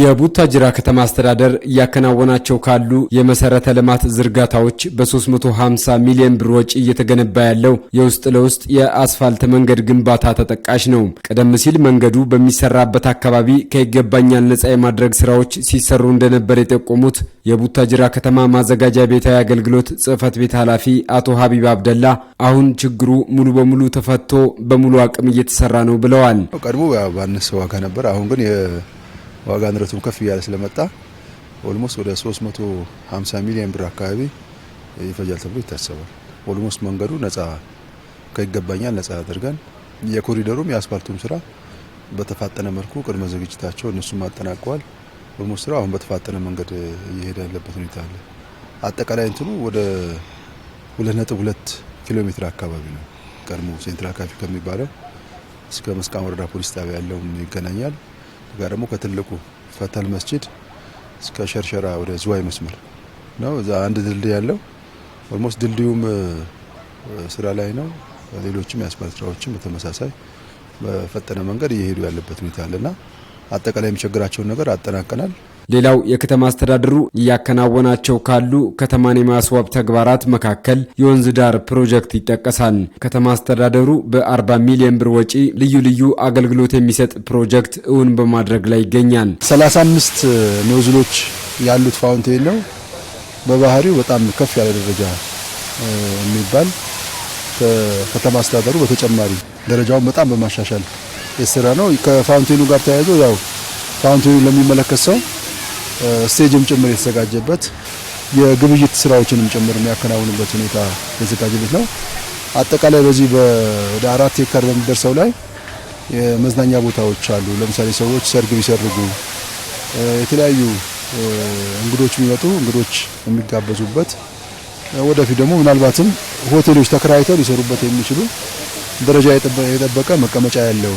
የቡታጅራ ከተማ አስተዳደር እያከናወናቸው ካሉ የመሰረተ ልማት ዝርጋታዎች በ350 ሚሊዮን ብር ወጪ እየተገነባ ያለው የውስጥ ለውስጥ የአስፋልት መንገድ ግንባታ ተጠቃሽ ነው። ቀደም ሲል መንገዱ በሚሰራበት አካባቢ ከይገባኛል ነፃ የማድረግ ስራዎች ሲሰሩ እንደነበር የጠቆሙት የቡታጅራ ከተማ ማዘጋጃ ቤታዊ አገልግሎት ጽህፈት ቤት ኃላፊ አቶ ሀቢብ አብደላ አሁን ችግሩ ሙሉ በሙሉ ተፈቶ በሙሉ አቅም እየተሰራ ነው ብለዋል። ቀድሞ ባነሰ ዋጋ ነበር። አሁን ግን ዋጋ ንረቱም ከፍ እያለ ስለመጣ ኦልሞስት ወደ 350 ሚሊዮን ብር አካባቢ ይፈጃል ተብሎ ይታሰባል። ኦልሞስት መንገዱ ነጻ ከይገባኛል ነጻ አድርገን የኮሪደሩም የአስፓልቱም ስራ በተፋጠነ መልኩ ቅድመ ዝግጅታቸው እነሱም አጠናቀዋል። ኦልሞስት ስራ አሁን በተፋጠነ መንገድ እየሄደ ያለበት ሁኔታ አለ። አጠቃላይ እንትኑ ወደ 2.2 ኪሎ ሜትር አካባቢ ነው። ቀድሞ ሴንትራል ካፊ ከሚባለው እስከ መስቃን ወረዳ ፖሊስ ጣቢያ ያለውም ይገናኛል። ጋር ደግሞ ከትልቁ ፈተል መስጂድ እስከ ሸርሸራ ወደ ዝዋይ መስመር ነው። እዛ አንድ ድልድይ ያለው ኦልሞስት ድልድዩም ስራ ላይ ነው። ሌሎችም የአስፓልት ስራዎችም በተመሳሳይ በፈጠነ መንገድ እየሄዱ ያለበት ሁኔታ አለና አጠቃላይ የሚቸግራቸውን ነገር አጠናቀናል። ሌላው የከተማ አስተዳደሩ እያከናወናቸው ካሉ ከተማን የማስዋብ ተግባራት መካከል የወንዝ ዳር ፕሮጀክት ይጠቀሳል። ከተማ አስተዳደሩ በ40 ሚሊዮን ብር ወጪ ልዩ ልዩ አገልግሎት የሚሰጥ ፕሮጀክት እውን በማድረግ ላይ ይገኛል። 35 ኖዝሎች ያሉት ፋውንቴን ነው። በባህሪው በጣም ከፍ ያለ ደረጃ የሚባል ከተማ አስተዳደሩ በተጨማሪ ደረጃውን በጣም በማሻሻል የስራ ነው። ከፋውንቴኑ ጋር ተያይዞ ያው ፋውንቴኑ ለሚመለከት ሰው ስቴጅም ጭምር የተዘጋጀበት የግብይት ስራዎችንም ጭምር የሚያከናውንበት ሁኔታ የተዘጋጀበት ነው። አጠቃላይ በዚህ ወደ አራት ሄክታር በሚደርሰው ላይ የመዝናኛ ቦታዎች አሉ። ለምሳሌ ሰዎች ሰርግ ቢሰርጉ የተለያዩ እንግዶች የሚመጡ እንግዶች የሚጋበዙበት ወደፊት ደግሞ ምናልባትም ሆቴሎች ተከራይተው ሊሰሩበት የሚችሉ ደረጃ የጠበቀ መቀመጫ ያለው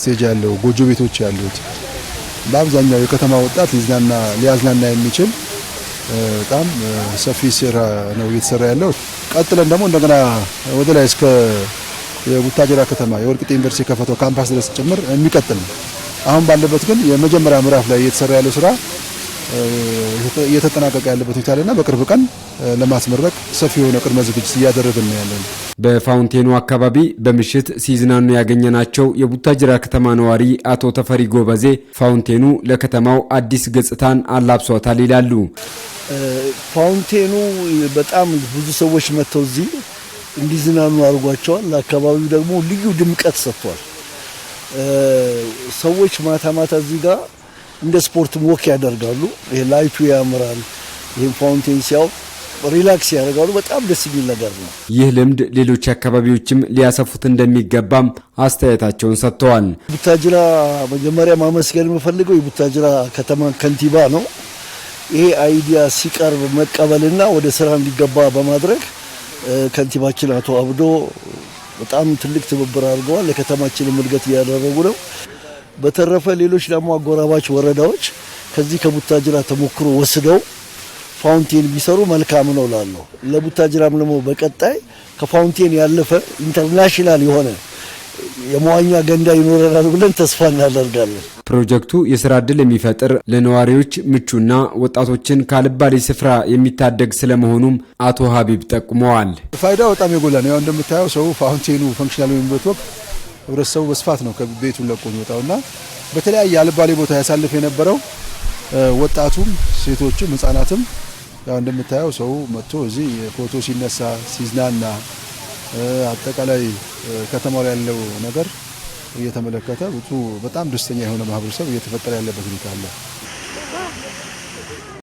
ስቴጅ ያለው ጎጆ ቤቶች ያሉት በአብዛኛው የከተማ ወጣት ሊዝናና ሊያዝናና የሚችል በጣም ሰፊ ስራ ነው እየተሰራ ያለው። ቀጥለን ደግሞ እንደገና ወደ ላይ እስከ የቡታጀራ ከተማ የወልቂጤ ዩኒቨርሲቲ የከፈተው ካምፓስ ድረስ ጭምር የሚቀጥል ነው። አሁን ባለበት ግን የመጀመሪያ ምዕራፍ ላይ እየተሰራ ያለው ስራ እየተጠናቀቀ ያለበት ሁኔታ ላይና በቅርብ ቀን ለማስመረቅ ሰፊ የሆነ ቅድመ ዝግጅት እያደረግን ነው ያለን። በፋውንቴኑ አካባቢ በምሽት ሲዝናኑ ያገኘናቸው የቡታጅራ ከተማ ነዋሪ አቶ ተፈሪ ጎበዜ ፋውንቴኑ ለከተማው አዲስ ገጽታን አላብሷታል ይላሉ። ፋውንቴኑ በጣም ብዙ ሰዎች መጥተው እዚህ እንዲዝናኑ አድርጓቸዋል። ለአካባቢው ደግሞ ልዩ ድምቀት ሰጥቷል። ሰዎች ማታ ማታ እዚህ ጋር እንደ ስፖርትም ወክ ያደርጋሉ። ይሄ ላይቱ ያምራል። ይህም ፋውንቴን ሲያው ሪላክስ ያደርጋሉ። በጣም ደስ የሚል ነገር ነው። ይህ ልምድ ሌሎች አካባቢዎችም ሊያሰፉት እንደሚገባም አስተያየታቸውን ሰጥተዋል። ቡታጅራ መጀመሪያ ማመስገን የምፈልገው የቡታጅራ ከተማ ከንቲባ ነው። ይሄ አይዲያ ሲቀርብ መቀበልና ወደ ስራ እንዲገባ በማድረግ ከንቲባችን አቶ አብዶ በጣም ትልቅ ትብብር አድርገዋል። ለከተማችንም እድገት እያደረጉ ነው። በተረፈ ሌሎች ደግሞ አጎራባች ወረዳዎች ከዚህ ከቡታጅራ ተሞክሮ ወስደው ፋውንቴን ቢሰሩ መልካም ነው ላለሁ። ለቡታጅራም ደግሞ በቀጣይ ከፋውንቴን ያለፈ ኢንተርናሽናል የሆነ የመዋኛ ገንዳ ይኖረናል ብለን ተስፋ እናደርጋለን። ፕሮጀክቱ የስራ ዕድል የሚፈጥር ለነዋሪዎች ምቹና ወጣቶችን ካልባሌ ስፍራ የሚታደግ ስለመሆኑም አቶ ሀቢብ ጠቁመዋል። ፋይዳ በጣም የጎላ ነው። ያው እንደምታየው ሰው ፋውንቴኑ ፈንክሽናል ወቅት ህብረተሰቡ በስፋት ነው ከቤቱን ለቆ የሚወጣውና በተለያየ አልባሌ ቦታ ያሳልፍ የነበረው ወጣቱም፣ ሴቶችም፣ ህጻናትም ያው እንደምታየው ሰው መጥቶ እዚህ ፎቶ ሲነሳ ሲዝናና አጠቃላይ ከተማው ያለው ነገር እየተመለከተ በጣም ደስተኛ የሆነ ማህበረሰብ እየተፈጠረ ያለበት ሁኔታ አለ።